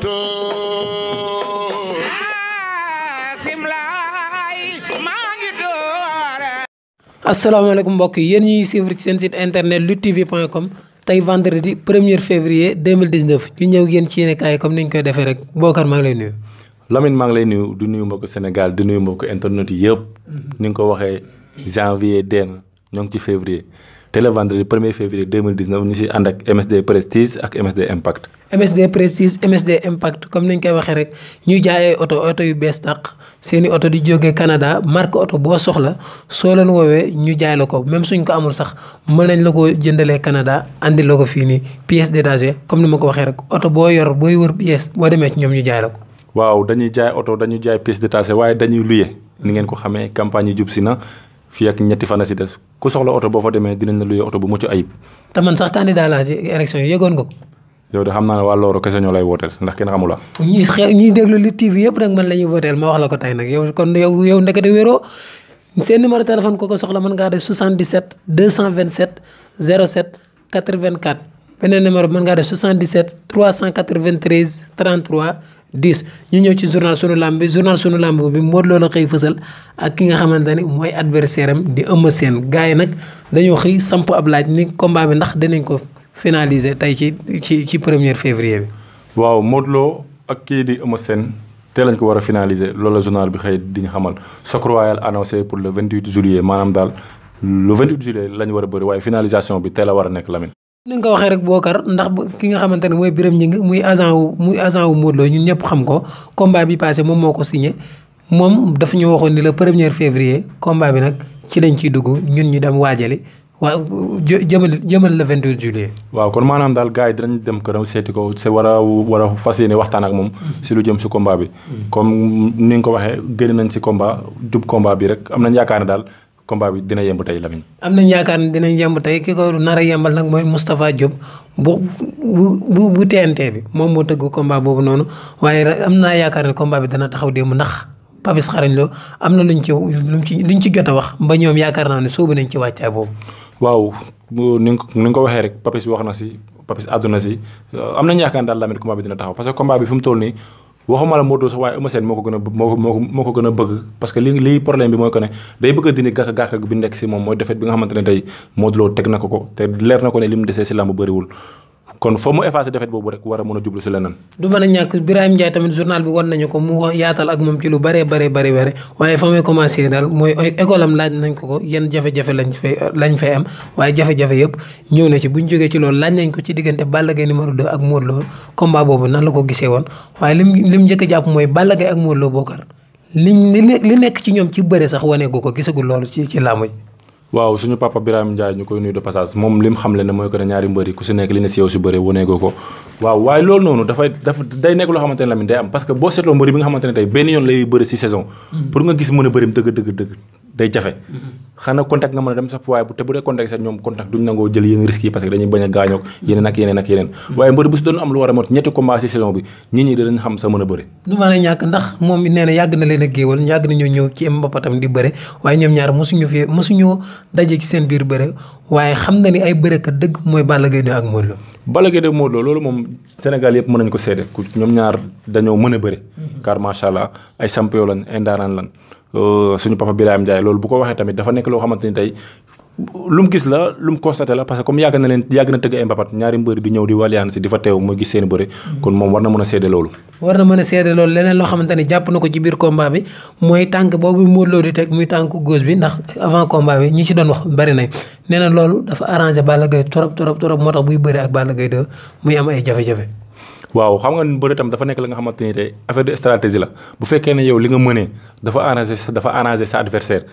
tóor Xaasim laay maa ngi tóor asalaamaaleykum mbokk yi yéen ñuy suivre ci seen site internet luttetv.com tey vendredi 1er février 2019 ñu ñëw yéen ci yéenekaay yi comme ni ñu koy defee rek Bokar maa ngi lay nuyu Lamine maa ngi lay nuyu du nuyu mbokk Sénégal du nuyu mbokk internet yi yëpp mm-hmm. ni nga ko waxee janvier deen ñoo ngi ci février te le vendredi premier février 2019 ñu si ànd ak MSD Prestige ak MSD Impact. MSD Prestige MSD Impact comme ni ñu koy waxee rek ñuy jaay oto oto yu bees tàq seen oto di jógee Canada marque oto boo soxla soo leen woowee ñu jaay la ko même suñ ko amul sax mën nañ la ko jëndalee Canada andi la ko fii nii pièce détachée comme ni ma ko waxee rek oto boo yor booy wër pièce boo demee ci ñoom ñu jaay ko. waaw dañuy jaay oto dañuy jaay pièce détachée waaye dañuy luye ni ngeen ko xamee campagne yi jub si na. fii ak ñetti fan si des ku soxla oto boo fa demee dinañ la luye oto bu mucc ayib. te sax candidat laa ci élection yi yëgoon de xam naa ne waa Looro kese ñoo lay wooteel ndax kenn xamula ñi xew ñi TV yëpp nag man la wooteel ma wax la ko tey nag yow kon yow wéroo seen numéro téléphone ko ko soxla mën ngaa def 77 227 07 84 beneen numéro bi mën ngaa def 77 393 33. 10 ñu ñëw ci journal sunu lamb bi journal sunu lamb bi Modou Lo la xëy fësal ak ki nga xamante ne mooy adversaire am di Eumeu seen gars yi nag dañoo xëy samp ab laaj ni combat bi ndax danañ ko finaliser tey ci ci ci premier février bi. waaw Modou Lo ak kii di Eumeu Sène tey lañ ko war a finaliser loolu la journal bi xëy di ñu xamal Soc Royal annoncé pour le 28 juillet maanaam daal le 28 juillet lañ war a bëri waaye finalisation bi tey la war a nekk Lamine. ni nga ko waxee rek kar ndax ki nga xamante ne mooy ñi Ngingue muy agent wu muy agent wu Modou Lo ñun ñëpp xam ko combat bi passé moom moo ko signé moom dafa ñu waxoon ni la première février combat bi nag ci lañ ciy dugg ñun ñu dem waajali waaw jëmal jëmal le 28 juillet. waaw kon maanaam daal gars yi dinañ dem këram seeti ko se wara a war a fas yéene waxtaan ak moom. Mm-hmm. si lu jëm si combat bi. Mm-hmm. comme ni nga ko waxee gën nañ si combat jub combat bi rek am nañ yaakaar ne daal. combat bi dina yemb tey Lamine. am nañ yaakaar ne dinañ yemb tey ki ko nar a yembal nag mooy Moustapha Diop bu bu bu TNT bi moom moo tëgg combat boobu noonu waaye am naa yaakaar ne combat bi dana taxaw démb ndax Papis Xarañ Lo am na luñ ci luñ ci luñ jot a wax ba ñoom yaakaar naa ne sóobu ci wàccaay boobu. waaw ni nga ko waxee rek Papis wax na si Papis àdduna si am nañ yaakaar daal Lamine combat bi dina taxaw parce que combat bi fi mu toll nii. waxuma la Modou waaye Eumeu Sène moo ko gën a moo ko moo ko gën a bëgg parce que li lii problème bi mooy que ne day bëgg a dindi gàkk gàkk bi nekk si moom mooy defet bi nga xamante ne tey Modou teg na ko ko te leer na ko ne li mu desee si làmb bëriwul kon foo mu effacé defet boobu rek war a mën a jublu si leneen du mën a ñàkk Birahim Ndiaye tamit journal bi wan nañu ko mu yaatal ak moom ci lu bëree bare bëri were waaye fa muy commencé daal mooy école am laaj nañ ko ko yan jafe-jafe lañ fay lañ fay am waaye jafe yëpp ñëw na ci bu ñu jógee ci loolu laaj ci diggante Balla Gaye numéro 2 ak Modou Lo boobu nan la ko gisee woon waaye lim lim njëkk jàpp mooy Balla Gaye ak mooloo Lo bokkar liñ li li nekk ci ñoom ci bëre sax waneegu ko gisagul loolu ci ci làmb waaw suñu papa Birame Ndiaye ñu koy nuyu de passage moom lim xamle ne mooy que ne ñaari mbër ku si nekk li ne si yow si bëre waneegoo ko waaw waaye loolu noonu dafay dafa day nekk loo xamante ne la mi day am parce que boo seetloo mbër bi nga xamante ne tey benn yoon lay bëri si saison mm. pour nga gis mën a bërim dëgg dëgg dëgg day jafe xanaa contact nga mën a dem sax waaye bu te bu dee contact sax ñoom contact duñ nangoo jël yenn risques yi parce que dañuy bañ a gaañook yeneen ak yeneen hmm. waaye mbër bu si doon am lu war a mot ñetti combat ci saison bi nit ñi danañ xam sa mën a bëri du mën a ñàkk ndax moom nee na yàgg na leen a di bëre waaye ñoom ñaar mosuñu fi mosuñoo daje ci seen biir bëre waaye xam na ni ay bërekat dëgg mooy Balla Gaye ak Modou loolu moom Euh, suñu papa Birame Ndiaye loolu bu ko waxee tamit dafa nekk loo xamante ni tey gis la lu mu constaté la parce que comme yàgg na leen yàgg na tëgg ay mbapat ñaari mbëri di ñëw di waliyaan si di fa teew muy gis seen bëri kon moom war na mën a seede loolu war na mën a seede loolu leneen loo xamante ne jàpp na ko ci biir combat bi mooy tànk boobu Modou Lo di teg muy tànk gauche bi ndax avant combat bi ñi ci doon wax bari nañ nee na loolu dafa arrangé Balla Gaye trop trop trop moo tax bëri ak Balla Gaye 2 muy am ay jafe waaw xam nga bëri tam dafa nekk la nga xamante ni affaire de stratégie la bu fekkee ne yow li nga mënee dafa arrangé dafa arrangé sa adversaire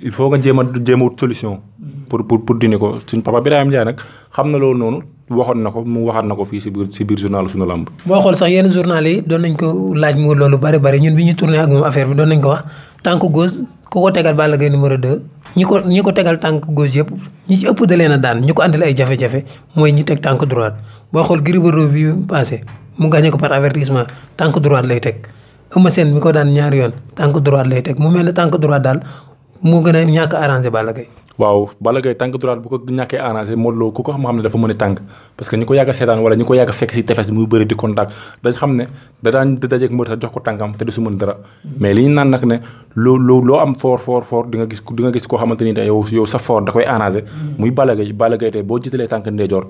il faut nga jéem a jéem a wut solution. pour pour pour dindi ko suñ papa Birahim Ndiaye nag xam na loolu noonu waxoon na ko mu waxaat na ko fii si biir si biir journal suñu làmb. boo xool sax yenn journal yi doon nañ ko laaj mu loolu bari bari ñun bi ñu tourné ak moom affaire bi doon nañ ko wax tànk gauche ku ko tegal Balla Gaye numéro 2 ñi ko ñi ko tegal tànk gose yëpp ñi ci ëpp da leen a daan ñi ko andil ay jafe-jafe mooy ñi teg tànk droite boo xool Gris Bordeaux bi passé mu gagné ko par avertissement tànk droit lay teg Eumeu Sène mi ko daan ñaari yoon tànk droite lay teg mu mel ne tànk droite daal moo gën a ñàkk arrangé Balla Gaye waaw Balla Gaye tànk droite bu ko ñàkkee arrangé Modou Lo ku ko xam-xam ne dafa mën a tànk parce que ñi ko yàgg a seetaan wala ñi ko yàgg a fekk si tefes muy bëri di contact dañ xam ne da daan di dajeeg mbër jox ko tànkam te du su mën dara mais li ñu naan nag ne loo loo am fort fort fort di nga gis di nga gis koo xamante ni te yow yow sa fort da koy arrangé muy Balla Gaye Balla Gaye tey boo jiitalee tànk ndeyjoor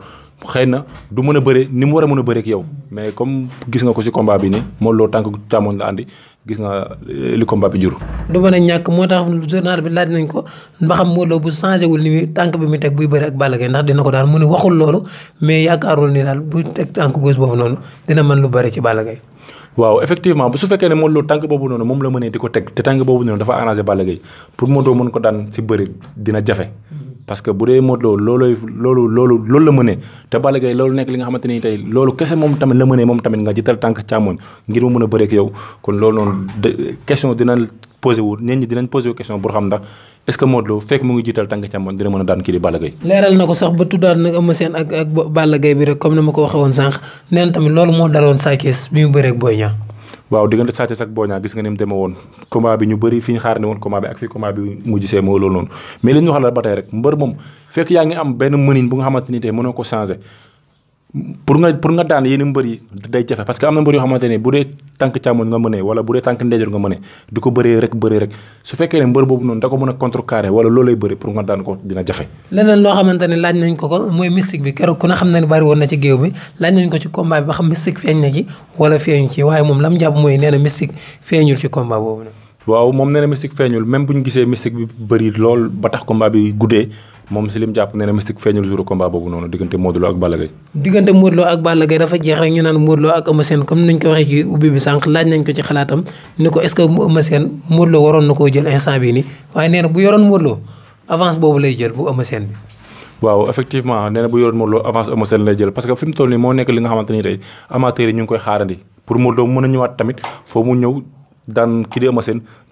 xëy na du mën a bëre ni mu war a mën a bëre ak yow mais comme gis nga ko si combat bi nii Modou Lo tànk càmmoñ la andi gis nga li combat bi jur. du mën a ñàkk moo tax journal bi laaj nañ ko ba xam Modou bu changé wul ni tànk bi mu teg buy bëri ak Balla Gaye ndax dina ko daal mu ne waxul loolu mais yaakaarul ni daal bu teg tànk gauche boobu noonu dina mën lu bëri ci Balla Gaye waaw effectivement bu su fekkee ne Modou Lo tànk boobu noonu moom la mënee di ko teg te tànk boobu noonu dafa arrangé Balla Gaye pour Modou Lo mën ko daan si bëri dina ja parce que bu dee Modou Lo loolooy loolu loolu loolu la mënee te Balla Gaye loolu nekk li nga xamante ni tey loolu kese moom tamit la mënee moom tamit nga jiital tànk càmmoñ ngir mu mën a bëreek loolu dina posé wu nit ñi dinañ posé wu question pour xam ndax est a daan kii di Balla Gaye leeral na ko sax ba moo daloon Sa Thiès bi mu bëreek Boy Niang waaw diggante a Thiès ak Boy Niang gis nga ni mu woon combat bi ñu bëri fi xaar ne woon combat bi ak fii combat bi mujj see moo loolu noonu mais ñu wax la rek mbër moom fekk yaa ngi am benn mënin bu nga xamante ni tey mënoo ko changé pour nga pour nga daan yéen mbër yi day jafe parce que am na mbër yoo xamante ne bu dee tànk càmmoñ nga mënee wala bu dee tànk ndeejoor nga mënee di ko bëree rek bëree rek su fekkee ne mbër boobu noonu da ko mën a contrecarrer wala loolay bëri pour nga daan ko dina jafe leneen loo xamante ne laaj nañ ko ko mooy mystique bi keroog ku ne xam na ne bari woon na ci géew bi laaj nañ ko ci combat bi ba xam mystique feeñ na ci wala feeñu ci waaye moom waaw moom nee na mystique feeñul même bu ñu gisee mystique bi bëri lool ba tax combat bi guddee moom si jàpp nee na mystique feeñul jour combat boobu noonu diggante Modou Lo ak Balla Gaye diggante Modou Lo ak Balla Gaye dafa jeex rek ñu naan Modou ak Eumeu Sène nee na bu yoroon Modou lay jël bu Eumeu Sène bi waaw effectivement nee na bu yoroon fi mu toll nii moo nekk li nga xamante ni tey amateurs yi ñu ngi koy xaarandi pour Modou Lo mën a ñëwaat tamit foo mu ñëw daan Kirya Massène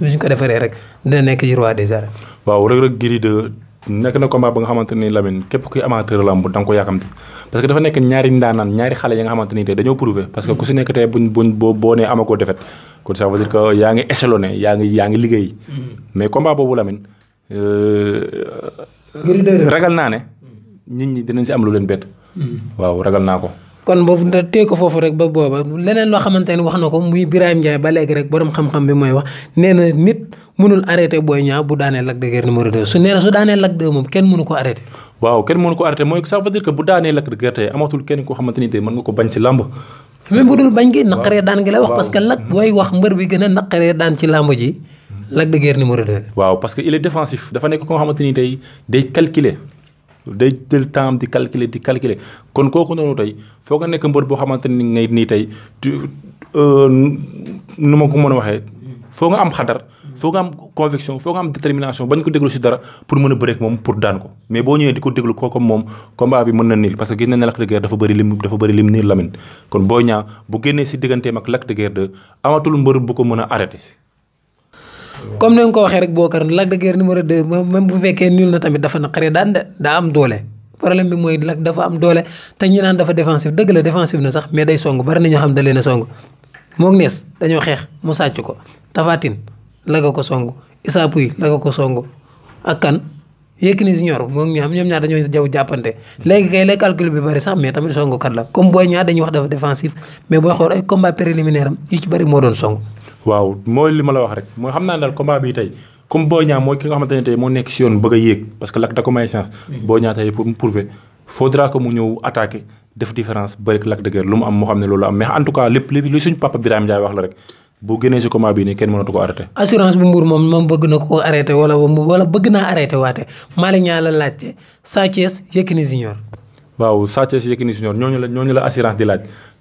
bés bu ñu ko defaree rek dina nekk ci roi des waaw Reug Reug Gris 2 nekk na combat ba nga xamante ni Lamine képp kuy amateur lamb da nga ko yàkkamti parce que dafa nekk ñaari ndaanaan ñaari xale yi nga xamante ni tey dañoo prouvé parce que ku si nekk tey buñ buñ nee amagoo defet kon ça veut dire que yaa ngi échelonné yaa ngi liggéey mm-hmm. mais combat boobu Lamine euh, ragal naa ne nit ñi dinañ si am lu leen bett mm-hmm. waaw ragal naa ko kon boobu da tee ko foofu rek ba leneen loo xamante ne wax na ko muy Birahim Ndiaye ba léegi rek borom xam-xam bi mooy wax nee na nit mënul arrêté Boy Niang bu daanee Lac de Guiers numéro 2 su nee na su daanee Lac 2 moom kenn mënu ko arrêté waaw kenn mënu ko arrêté mooy ça veut dire que bu daanee Lac de Guiers ni tey mën nga ko bañ si làmb même bu dul bañ gi naqaree daan gi lay wax parce que Lac booy wax mbër bi gën a ji Lac de numéro 2 waaw parce que il est défensif dafa nekk ko nga xamante ni tey day calculer day jël temps di calculer di calculer kon kooku noonu tey foo nga nekk mbër boo xamante ni ngay nii tey euh, nu ma ko mën a waxee foo nga am xadar foo nga am conviction foo nga am détermination bañ ko déglu si dara pour mën a bëreek moom pour daan ko mais boo ñëwee di ko déglu kooku moom combat bi mën na niil parce que gis nañ ne Lac de Guiers dafa bëri lim dafa bëri lim niir Lamine kon Boy Niang bu génnee si digganteem ak Lac de Guiers 2 amatul mbër bu ko mën a arrêté si comme ni nga ko waxee rek Bokar Lac de Guiers numéro 2 même bu fekkee nul na tamit dafa naqaree daan de am doole. problème bi mooy Lac dafa am doole te ñi naan dafa défensif dëgg la défensif na sax mais day song bari na ñoo xam da leen a song moog nees dañoo xeex mu sàcc ko Tafatine la nga ko song Issa Pouye la ko song ak kan Yékini Junior moom ñu am ñoom ñaar dañoo jaw jàppante léegi kay lay calcul bi bari sax mais tamit songukat la comme booy ñaar dañuy wax dafa défensif mais booy xool ay combat préliminaire am ci bari moo doon songu waaw mooy li ma la wax rek mooy xam naa ne daal combat bi tey comme Boy Niang mooy ki nga ne tey moo nekk si yoon bëgg a yéeg parce que Lac da ko may chance. Boy Niang tey mu am moo xam ne loolu am mais en tout cas lépp li suñu papa Birame Ndiaye wax la rek. bu génnee si combat bi nii kenn mënatu ko na ko arrêté wala wala bëgg naa arrêté waate Malick Niang la laajte Sa Thiès Yékini waaw Sa Thiès Yékini ñooñu la ñooñu la assurance di laaj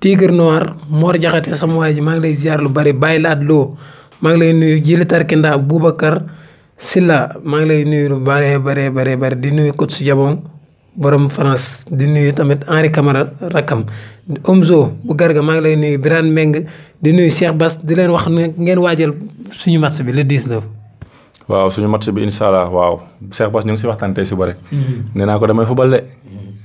Tigre Noir Mor Jaxate sama waay ji maa ngi lay jaar lu bari bàyyi laat loo maa ngi lay nuyu Jili Tarkinda Boubacar Silla maa ngi lay nuyu lu bëree bëree bëree bëri di nuyu coach su Jabon borom France di nuyu tamit Henri Camara rakkam Omzo bu Garga maa ngi lay nuyu Birane Meng di nuyu Cheikh bas di leen wax ne ngeen waajal suñu match bi le 19. waaw suñu match bi incha waaw Cheikh Bass ñu ngi si waxtaan tey suba rek. Mm-hmm. nee ko damay fubal de.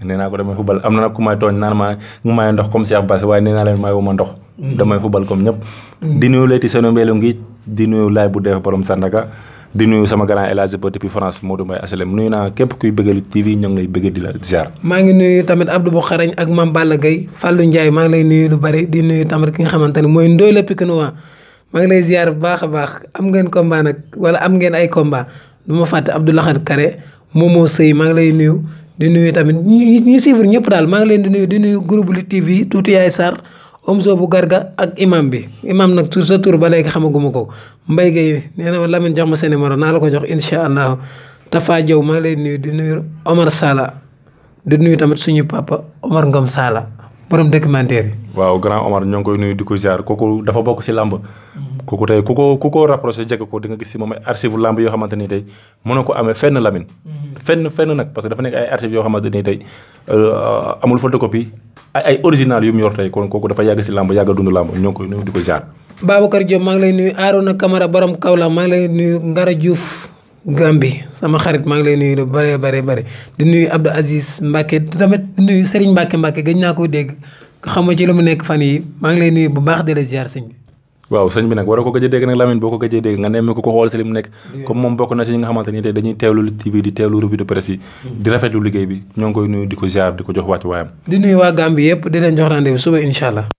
nee naa ko damay fubal am na nag ku may tooñ naan maa mu may ndox comme Cheikh Bass waaye nee naa leen mayuma ndox. Mm-hmm. damay fubal comme ñëpp. Mm-hmm. di nuyu Leyti Seno Mbélu ngi di nuyu Laay bu def borom Sandaga di nuyu sama grand El Hadj Ba depuis France Modou Mbaye asalem nuyu naa képp kuy bëgg Lutte TV ñoo lay bëgg di la ziar. maa ngi nuyu tamit Abdou Bou Xarañ ak Mame Balla Gaye Fallou Ndiaye maa ngi lay nuyu lu bari di nuyu tamit ki nga xamante ne mooy Ndoye la Pikinois maa ngi lay ziar bu baax a baax am ngeen combat wala am ngeen ay combat du ma fàtte Abdou Lahad Kare Momo Sey maa ngi lay nuyu di nuyu tamit ñi ñi suivre ñëpp daal maa ngi leen di nuyu di nuyu groupe Lutte TV tuuti yaay Sarr Omzo bu Garga ak imam bi imam nag tour sa tur ba léegi xamaguma ko Mbaye Gueye nee na ma lamin jox ma seen numéro naa la ko jox incha allah Tafa Diaw maa ngi leen nuyu di nuyu Omar Sala di nuyu tamit suñu papa Omar Ngom saala borom documentaire yi. waaw grand Omar ñoo ngi koy nuyu di ko ziar dafa bokk si làmb kooku tey ku ko ku ko rapproché jege ko di nga gis si moom ay archive làmb yoo xamante ni tey mën na ko amee fenn Lamine mm-hmm. fenn fenn nag parce que dafa nekk ay archive yoo xamante ni euh, amul photocopie ay original yu mu yor tey kon kooku dafa yàgg si làmb yàgg dund làmb ñoo ngi koy nuyu di ko ziar Babacar Diop maa ngi lay nuyu Arona Camara borom Kaolack maa ngi lay nuyu Ngara Diouf Gambi sama xarit maa ngi lay nuyu lu bare bare bare di nuyu Abdou Aziz Mbacke tamit nuyu Serigne Mbacke Mbacke gëj koo dégg xam nga ci la mu nekk fan yi maa ngi lay bu baax di la ziar sëñ bi. waaw sëñ bi nag war a ko gëj a dégg nag Lamine boo ko gëj a dégg nga nemme ko ko xool si li mu nekk comme moom bokk na si ñi nga xamante ni tey dañuy teewlu TV di teewlu revue de presse yi hmm. di rafetlu liggéey bi ñoo ngi koy nuyu di ko ziar di ko jox wàccu waayam di nuyu waa Gambie yëpp di leen jox rendez-vous suba incha allah